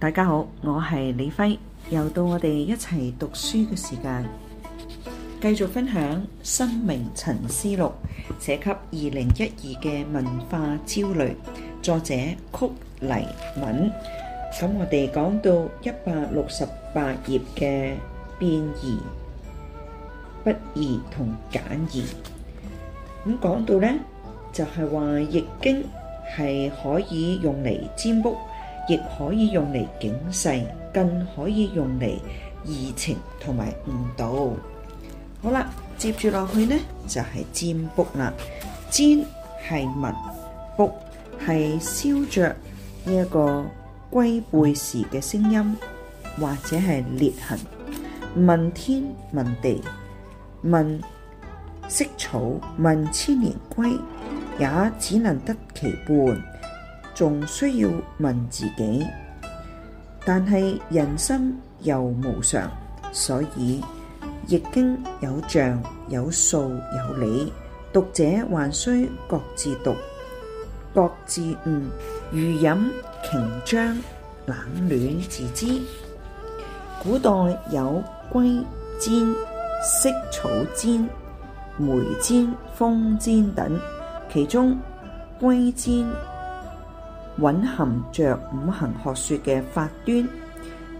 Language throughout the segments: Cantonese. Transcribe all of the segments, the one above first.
大家好，我係李輝，又到我哋一齊讀書嘅時間，繼續分享《生命沉思錄》，寫給二零一二嘅文化焦慮，作者曲黎敏。咁我哋講到一百六十八頁嘅變易、不易同簡易，咁講到呢，就係話易經係可以用嚟占卜。亦可以用嚟警世，更可以用嚟移情同埋誤導。好啦，接住落去呢，就係、是、占卜啦。占係問卜，係燒着呢一個龜背時嘅聲音，或者係裂痕。問天問地問蓍草問千年龜，也只能得其半。仲需要問自己，但係人生又無常，所以易經有象有數有理，讀者還需各自讀，各自悟。如飲瓊漿，冷暖自知。古代有龜占、蓍草占、梅占、風占等，其中龜占，蘊含着五行學說嘅發端，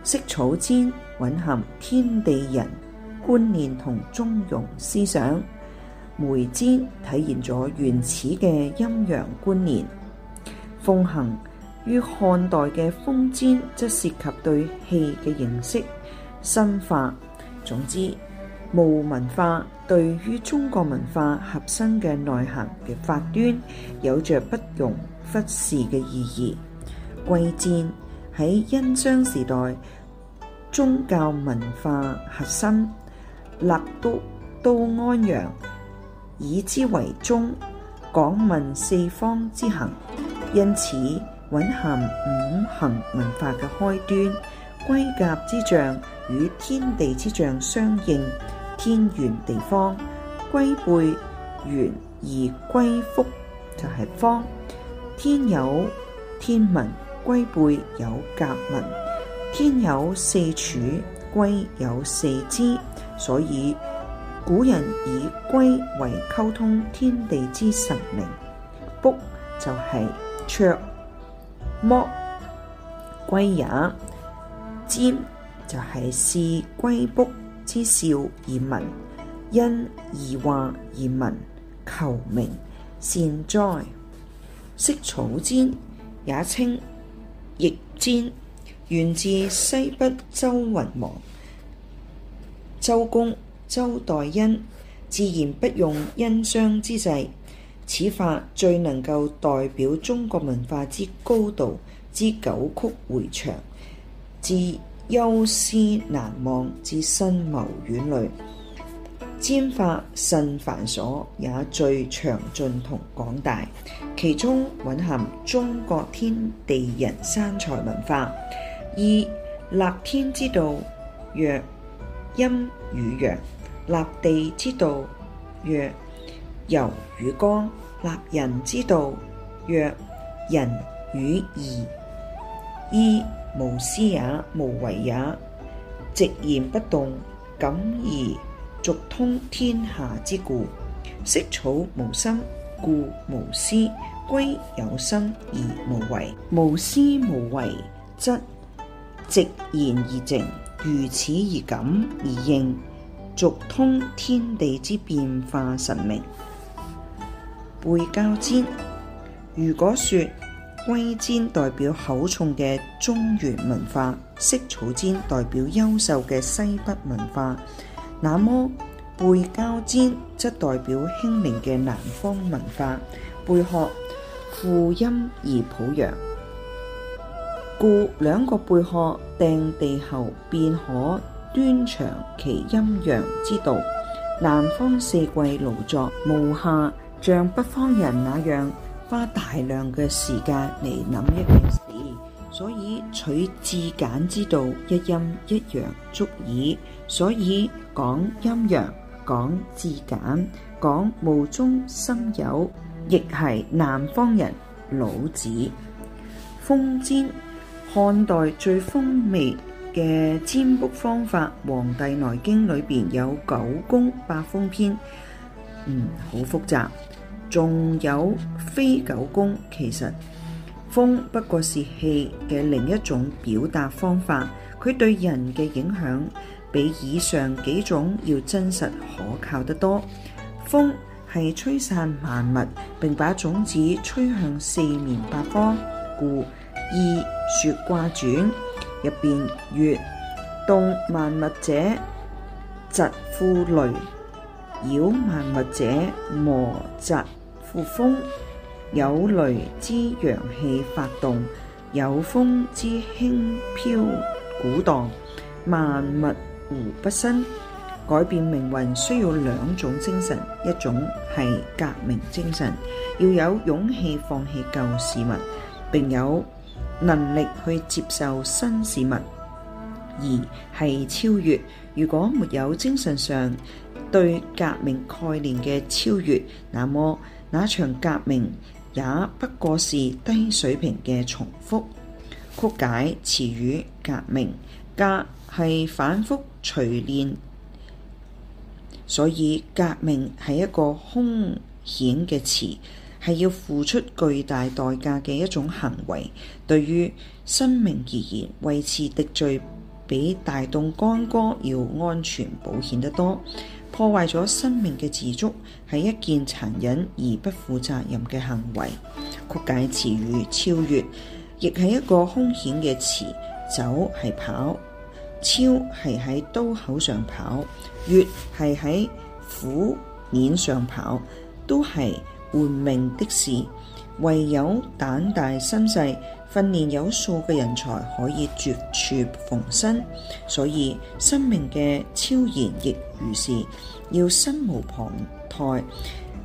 釋草占蘊含天地人觀念同中庸思想，梅占體現咗原始嘅陰陽觀念，鳳行漢風行於漢代嘅風占則涉及對氣嘅認識深化。總之，巫文化對於中國文化核心嘅內涵嘅發端有着不容忽視嘅意義，貴賤喺殷商時代宗教文化核心，立都都安陽，以之為宗，廣問四方之行，因此蘊含五行文化嘅開端。龜甲之象與天地之象相應，天圓地方，龜背圓而龜腹，就係方。天有天文，龜背有甲文。天有四柱，龜有四肢，所以古人以龜為溝通天地之神明。卜就係灼剝龜也，占就係視龜卜之兆而聞，因而話而聞，求名善哉。蓍草占，也稱易占，源自西北周云王周公周代殷，自然不用殷商之制。此法最能夠代表中國文化之高度之九曲回腸，至憂思難忘，至深謀遠慮。占法甚繁瑣，也最詳盡同廣大，其中蘊含中國天地人三才文化。二立天之道，曰陰與陽；立地之道，曰柔與剛；立人之道，曰仁與義。易無思也，無為也，寂然不動，感而遂通天下之故，色草無心，故無思；龜有心而無為，無思無為，則直然而靜，如此而感而應，遂通天地之變化神明。背交尖，如果說龜尖代表厚重嘅中原文化，色草尖代表優秀嘅西北文化。那麼背膠尖則代表輕靈嘅南方文化，貝殼負陰而抱陽，故兩個貝殼掟地後，便可端詳其陰陽之道。南方四季勞作無暇，像北方人那樣花大量嘅時間嚟諗一件事，所以取至簡之道，一陰一陽足矣。所以講陰陽，講至簡，講無中生有，亦係南方人老子。風占，漢代最風味嘅占卜方法，《黃帝內經》裏邊有九宮八風篇，嗯，好複雜。仲有非九宮，其實風不過是氣嘅另一種表達方法，佢對人嘅影響。比以上幾種要真實可靠得多。風係吹散萬物，並把種子吹向四面八方。故《易·說卦》傳入邊：月動萬物者疾乎雷擾萬物者磨疾乎風。有雷之陽氣發動，有風之輕飄鼓盪萬物。湖北新，改變命運需要兩種精神，一種係革命精神，要有勇氣放棄舊事物，並有能力去接受新事物；二係超越。如果沒有精神上對革命概念嘅超越，那麼那場革命也不過是低水平嘅重複。曲解詞語革命，革係反覆。錘煉，所以革命係一個凶險嘅詞，係要付出巨大代價嘅一種行為。對於生命而言，維持秩序比大動干戈要安全保險得多。破壞咗生命嘅自足，係一件殘忍而不負責任嘅行為。曲解詞語，超越，亦係一個凶險嘅詞。走係跑。超係喺刀口上跑，越係喺虎面上跑，都係換命的事。唯有膽大心細、訓練有素嘅人才可以絕處逢生。所以生命嘅超然亦如是，要身無旁貸，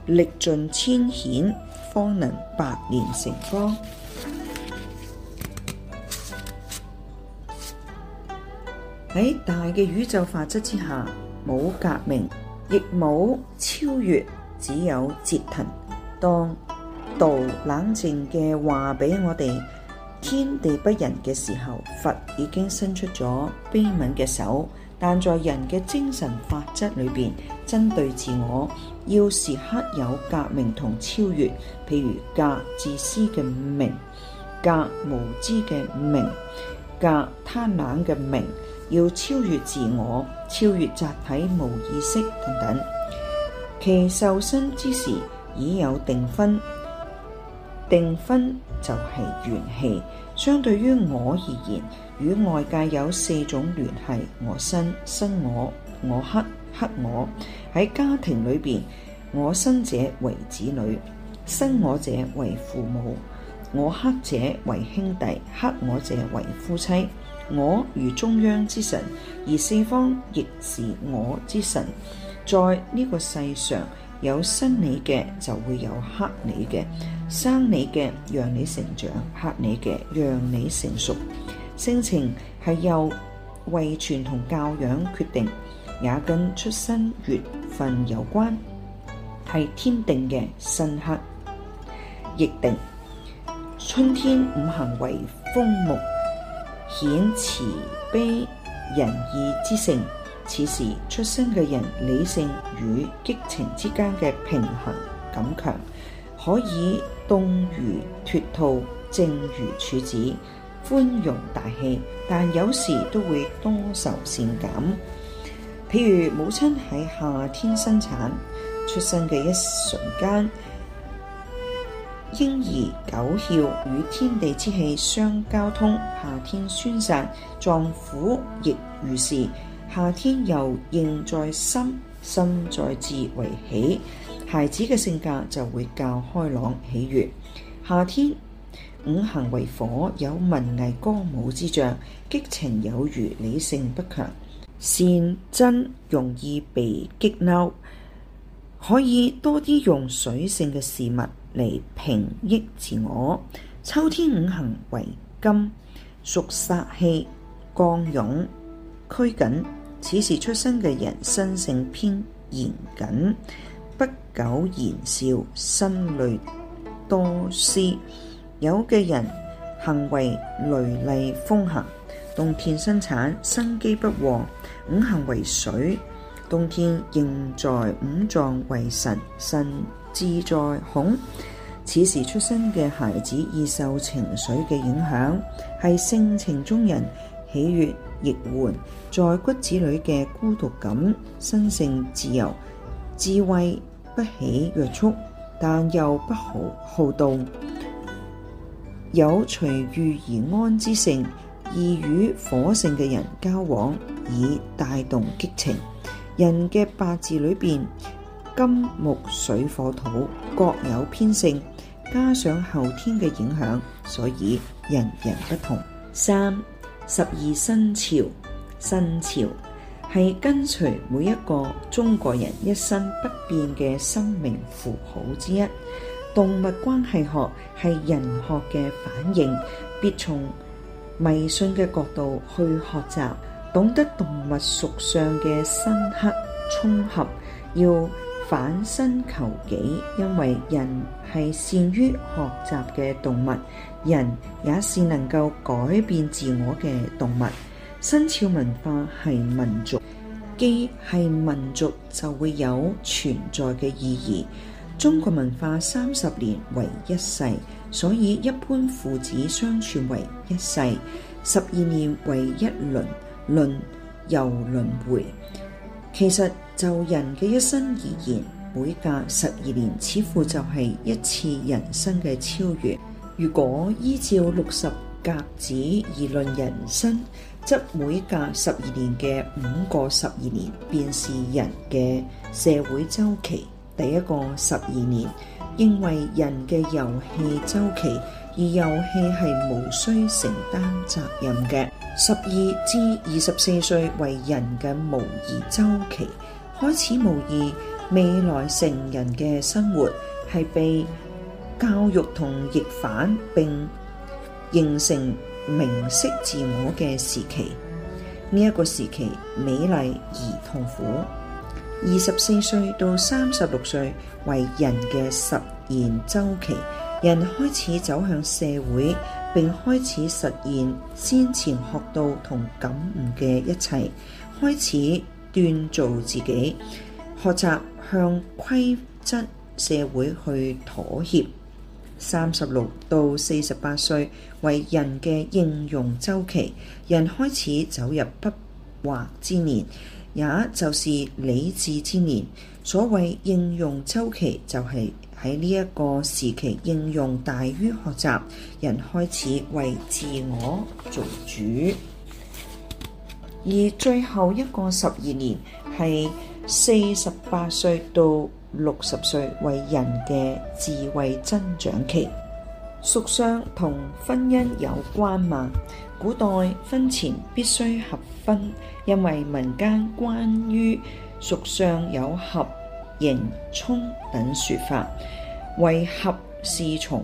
歷盡千險，方能百年成芳。喺大嘅宇宙法則之下，冇革命，亦冇超越，只有折騰。當道冷靜嘅話俾我哋天地不仁嘅時候，佛已經伸出咗悲憫嘅手。但在人嘅精神法則裏邊，針對自我，要時刻有革命同超越。譬如革自私嘅命，革無知嘅命，革貪婪嘅命。要超越自我、超越集體無意識等等。其受身之時已有定分，定分就係元氣。相對於我而言，與外界有四種聯繫：我生生我，我克克我。喺家庭裏邊，我生者為子女，生我者為父母，我克者為兄弟，克我者為夫妻。我如中央之神，而四方亦是我之神。在呢個世上有生你嘅，就會有克你嘅；生你嘅讓你成長，克你嘅讓你成熟。性情係由遺傳同教養決定，也跟出生月份有關，係天定嘅。生克亦定，春天五行為風木。顯慈悲仁義之性，此時出生嘅人理性與激情之間嘅平衡感強，可以動如脫兔，靜如處子，寬容大氣，但有時都會多愁善感。譬如母親喺夏天生產，出生嘅一瞬間。嬰兒九竅與天地之氣相交通，夏天宣散，臟腑亦如是。夏天又應在心，心在志為喜，孩子嘅性格就會較開朗喜悅。夏天五行為火，有文藝歌舞之象，激情有餘，理性不強，善真容易被激嬲。可以多啲用水性嘅事物嚟平抑自我。秋天五行為金，屬殺氣、剛勇、拘謹。此時出生嘅人，身性偏嚴謹，不苟言笑，心累多思。有嘅人行為雷厲風行。冬天生產，生機不旺，五行為水。冬天仍在五臟為神，神志在恐。此時出生嘅孩子易受情緒嘅影響，係性情中人，喜悅易緩。在骨子裏嘅孤獨感，生性自由，智慧不喜約束，但又不好好動，有隨遇而安之性，易與火性嘅人交往，以帶動激情。人嘅八字裏邊，金木水火土各有偏性，加上後天嘅影響，所以人人不同。三、十二生肖，生肖係跟隨每一個中國人一生不變嘅生命符號之一。動物關係學係人學嘅反應，別從迷信嘅角度去學習。懂得動物屬相嘅深刻衝合，要反身求己，因為人係善於學習嘅動物，人也是能夠改變自我嘅動物。新潮文化係民族，既係民族就會有存在嘅意義。中國文化三十年為一世，所以一般父子相傳為一世，十二年為一輪。論又輪迴，其實就人嘅一生而言，每隔十二年似乎就係一次人生嘅超越。如果依照六十甲子而論人生，則每隔十二年嘅五個十二年，便是人嘅社會周期。第一個十二年，因為人嘅遊戲周期，而遊戲係無需承擔責任嘅。十二至二十四歲為人嘅模擬周期，開始模擬未來成人嘅生活，係被教育同逆反並形成明晰自我嘅時期。呢一個時期美麗而痛苦。二十四歲到三十六歲為人嘅實現周期，人開始走向社會。並開始實現先前學到同感悟嘅一切，開始鍛造自己，學習向規則社會去妥協。三十六到四十八歲為人嘅應用周期，人開始走入不惑之年，也就是理智之年。所謂應用周期就係喺呢一個時期，應用大於學習，人開始為自我做主。而最後一個十二年係四十八歲到六十歲，為人嘅智慧增長期。屬相同婚姻有關嘛？古代婚前必須合婚，因為民間關於屬相有合、刑、沖等說法，為合是從，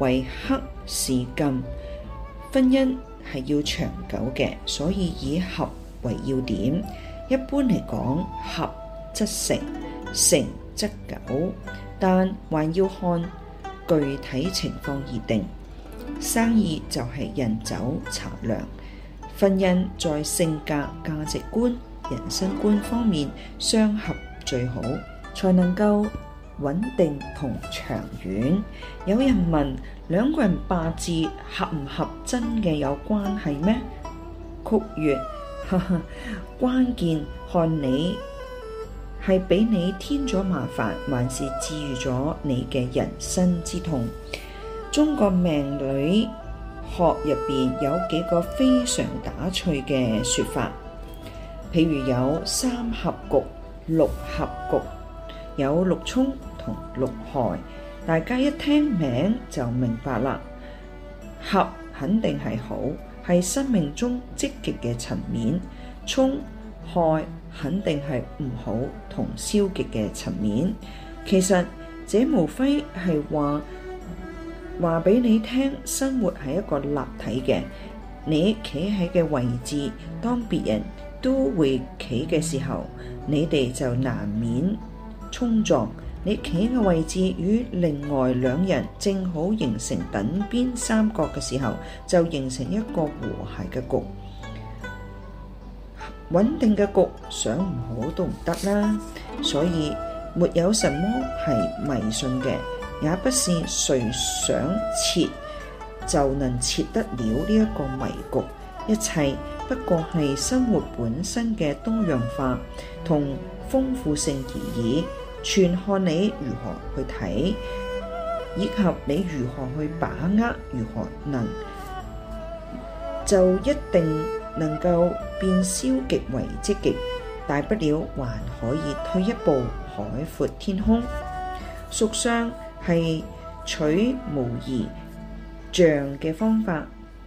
為克是禁。婚姻係要長久嘅，所以以合為要點。一般嚟講，合則成，成則久，但還要看具體情況而定。生意就係人走茶涼，婚姻在性格、價值觀。人生觀方面，相合最好，才能夠穩定同長遠。有人問：兩個人八字合唔合真嘅有關係咩？曲月，哈哈，關鍵看你係俾你添咗麻煩，還是治愈咗你嘅人生之痛。中國命理學入邊有幾個非常打趣嘅說法。譬如有三合局、六合局，有六沖同六害。大家一聽名就明白啦。合肯定係好，係生命中積極嘅層面；沖、害肯定係唔好同消極嘅層面。其實，這無非係話話俾你聽，生活係一個立體嘅，你企喺嘅位置，當別人。都會企嘅時候，你哋就難免衝撞。你企嘅位置與另外兩人正好形成等邊三角嘅時候，就形成一個和諧嘅局、穩定嘅局。想唔好都唔得啦。所以沒有什麼係迷信嘅，也不是誰想設就能設得了呢一個迷局。一切。不過係生活本身嘅多樣化同豐富性而已，全看你如何去睇，以及你如何去把握，如何能就一定能夠變消極為積極，大不了還可以退一步海闊天空。屬相係取無疑象嘅方法。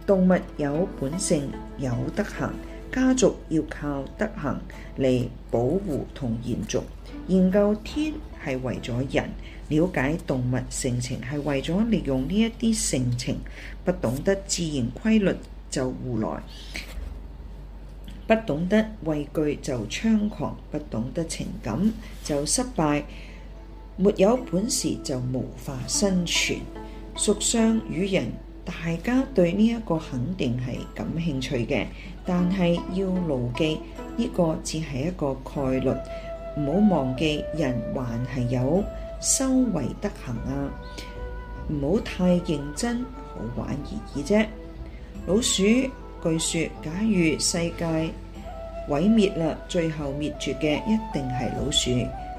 動物有本性有德行，家族要靠德行嚟保護同延續。研究天係為咗人，了解動物性情係為咗利用呢一啲性情。不懂得自然規律就胡來，不懂得畏懼就猖狂，不懂得情感就失敗，沒有本事就無法生存。屬相與人。大家對呢一個肯定係感興趣嘅，但係要牢記，呢、這個只係一個概率，唔好忘記人還係有修為德行啊！唔好太認真，好玩而已啫。老鼠據說，假如世界毀滅啦，最後滅絕嘅一定係老鼠，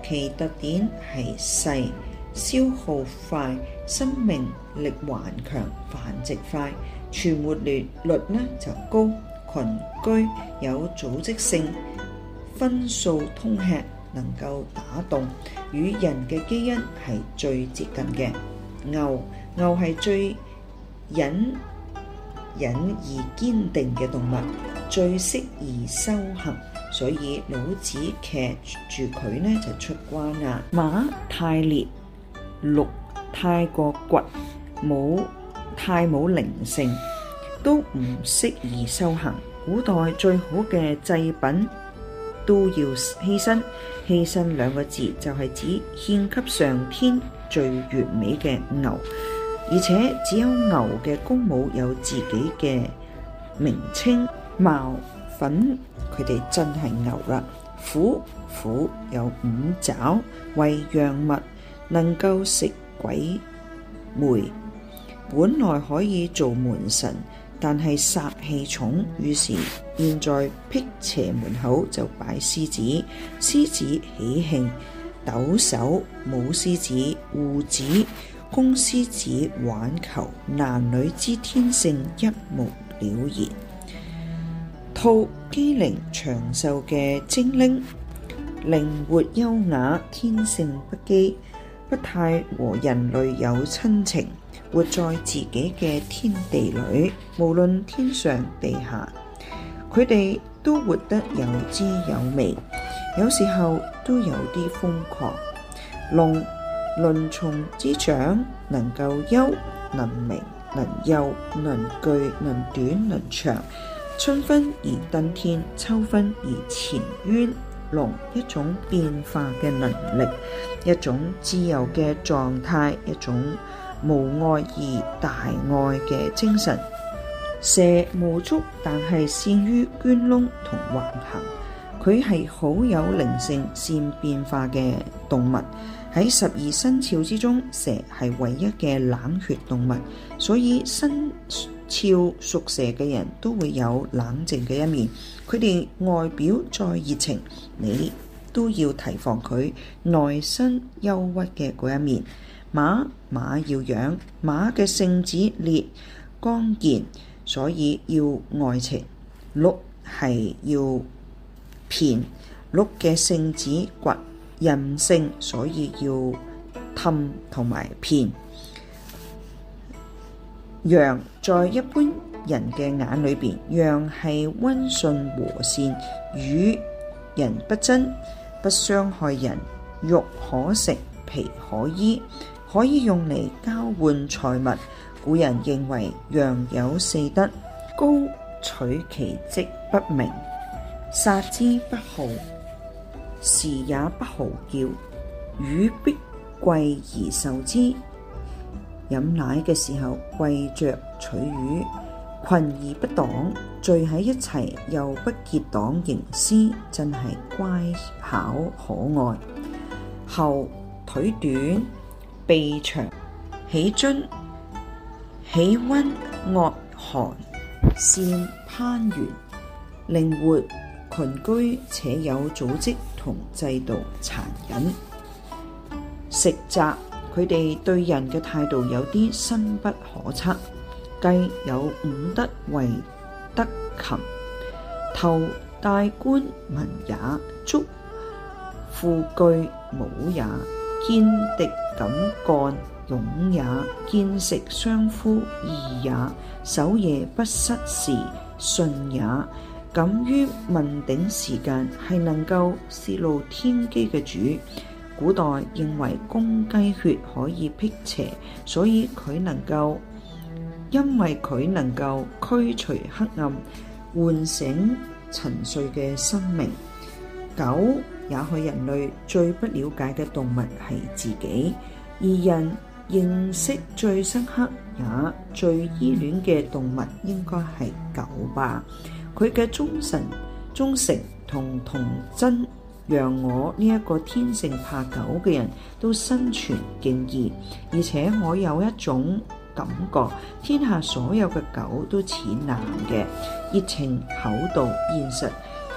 其特點係細。消耗快，生命力頑強，繁殖快，存活率率咧就高，群居有組織性，分數通吃，能夠打洞，與人嘅基因係最接近嘅。牛，牛係最忍忍而堅定嘅動物，最適宜修行，所以老子騎住佢咧就出關啦。馬太烈。六太過倔，冇太冇靈性，都唔適宜修行。古代最好嘅祭品都要犧牲，犧牲兩個字就係指獻給上天最完美嘅牛，而且只有牛嘅公母有自己嘅名稱牡牝，佢哋真係牛啦。虎虎有五爪，為陽物。能夠食鬼梅，本來可以做門神，但係殺氣重，於是現在辟邪門口就擺獅子。獅子喜慶，抖手母獅子，護子公獅子玩球，男女之天性一目了然。兔，機靈長壽嘅精靈，靈活優雅，天性不羈，不太和人類有親情，活在自己嘅天地裏，無論天上地下，佢哋都活得有滋有味，有時候都有啲瘋狂。龍鱗蟲之長，能夠幽能明能幼能巨能短能長，春分而登天，秋分而潛淵。龍，一種變化嘅能力，一種自由嘅狀態，一種無愛而大愛嘅精神。蛇無足，但係善於鑽窿同橫行。佢係好有靈性、善變化嘅動物。喺十二生肖之中，蛇係唯一嘅冷血動物，所以身。肖屬蛇嘅人都會有冷靜嘅一面，佢哋外表再熱情，你都要提防佢內心憂鬱嘅嗰一面。馬馬要養，馬嘅性子烈、剛健，所以要愛情。鹿係要騙，鹿嘅性子倔、任性，所以要氹同埋騙。羊在一般人嘅眼裏邊，羊係溫順和善，與人不爭，不傷害人，肉可食，皮可衣，可以用嚟交換財物。古人認為羊有四德：高取其跡不明，殺之不豪，時也不豪叫，與必貴而受之。飲奶嘅時候跪着取乳，群而不黨，聚喺一齊又不結黨營私，真係乖巧可愛。後腿短，臂長，起樽，喜温惡寒，善攀援，靈活，群居且有組織同制度，殘忍，食雜。佢哋對人嘅態度有啲深不可測。雞有五德：為德勤、頭大官文也；足富具武也；堅敵敢幹勇也；見食相呼義也；守夜不失時信也。敢於問鼎時間，係能夠泄露天機嘅主。古代認為公雞血可以辟邪，所以佢能夠，因為佢能夠驅除黑暗，喚醒沉睡嘅生命。狗，也許人類最不了解嘅動物係自己，而人認識最深刻也最依戀嘅動物應該係狗吧。佢嘅忠誠、忠誠同童真。讓我呢一個天性怕狗嘅人都生存敬意，而且我有一種感覺，天下所有嘅狗都似男嘅，熱情、厚道、現實；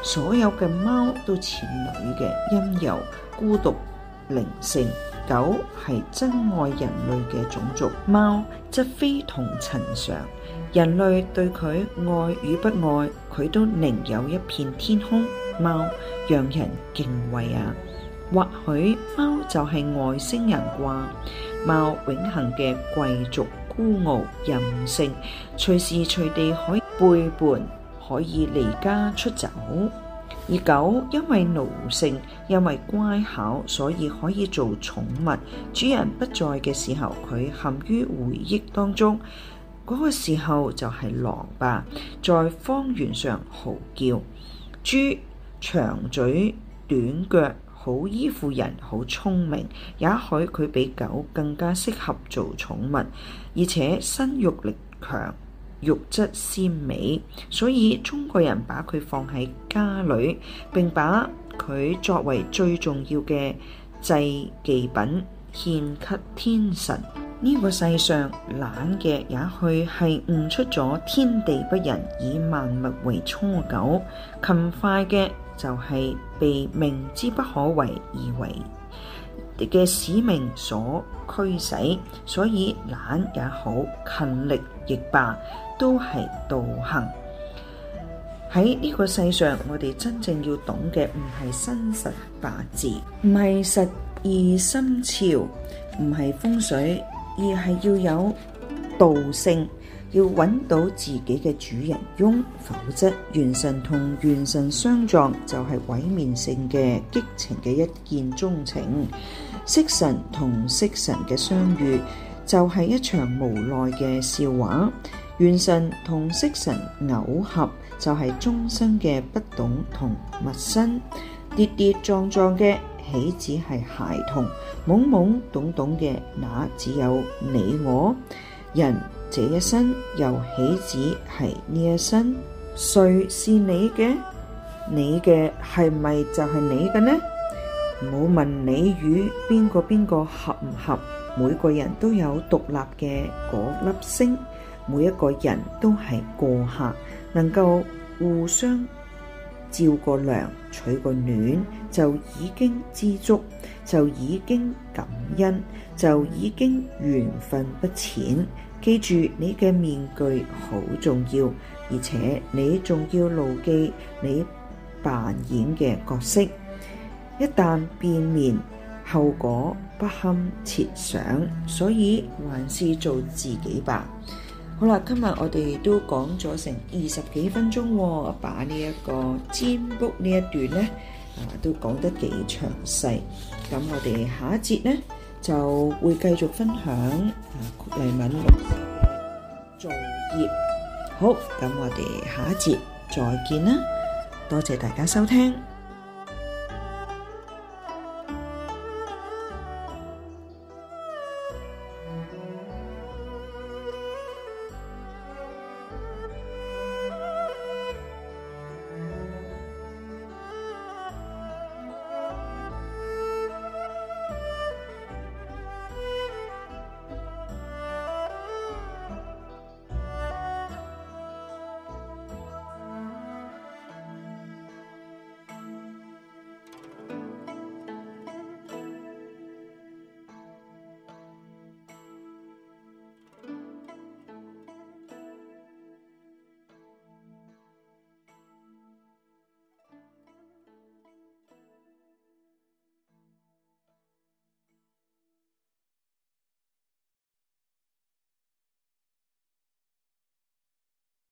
所有嘅貓都似女嘅，陰柔、孤獨、靈性。狗係真愛人類嘅種族，貓則非同尋常。人類對佢愛與不愛，佢都寧有一片天空。貓讓人敬畏啊，或許貓就係外星人啩？貓永恒嘅貴族孤傲任性，隨時隨地可以背叛，可以離家出走。而狗因為奴性，因為乖巧，所以可以做寵物。主人不在嘅時候，佢陷於回憶當中。嗰個時候就係狼吧，在荒原上嚎叫。豬。長嘴短腳，好依附人，好聰明，也許佢比狗更加適合做寵物，而且生育力強，肉質鮮美，所以中國人把佢放喺家裏，並把佢作為最重要嘅祭祀品獻給天神。呢、這個世上懶嘅，也許係悟出咗天地不仁，以萬物為芻狗；勤快嘅。就係被明知不可為而為嘅使命所驅使，所以懶也好，勤力亦罷，都係道行。喺呢個世上，我哋真正要懂嘅唔係生辰八字，唔係實而心潮，唔係風水，而係要有道性。要搵到自己嘅主人翁，否則元神同元神相撞就係毀滅性嘅激情嘅一見鍾情，色神同色神嘅相遇就係一場無奈嘅笑話，元神同色神偶合就係終生嘅不懂同陌生，跌跌撞撞嘅豈止係孩童，懵懵懂懂嘅那只有你我人。這一生又豈止係呢一生，誰是你嘅？你嘅係咪就係你嘅呢？唔好問你與邊個邊個合唔合，每個人都有獨立嘅嗰粒星，每一個人都係過客，能夠互相照個亮，取個暖就已經知足，就已經感恩，就已經緣分不淺。記住，你嘅面具好重要，而且你仲要牢記你扮演嘅角色。一旦變面，後果不堪設想。所以，還是做自己吧。好啦，今日我哋都講咗成二十幾分鐘，把呢一個占卜呢一段咧，都講得幾詳細。咁我哋下一節咧。就會繼續分享曲黎敏老師嘅造業。好，咁我哋下一節再見啦，多謝大家收聽。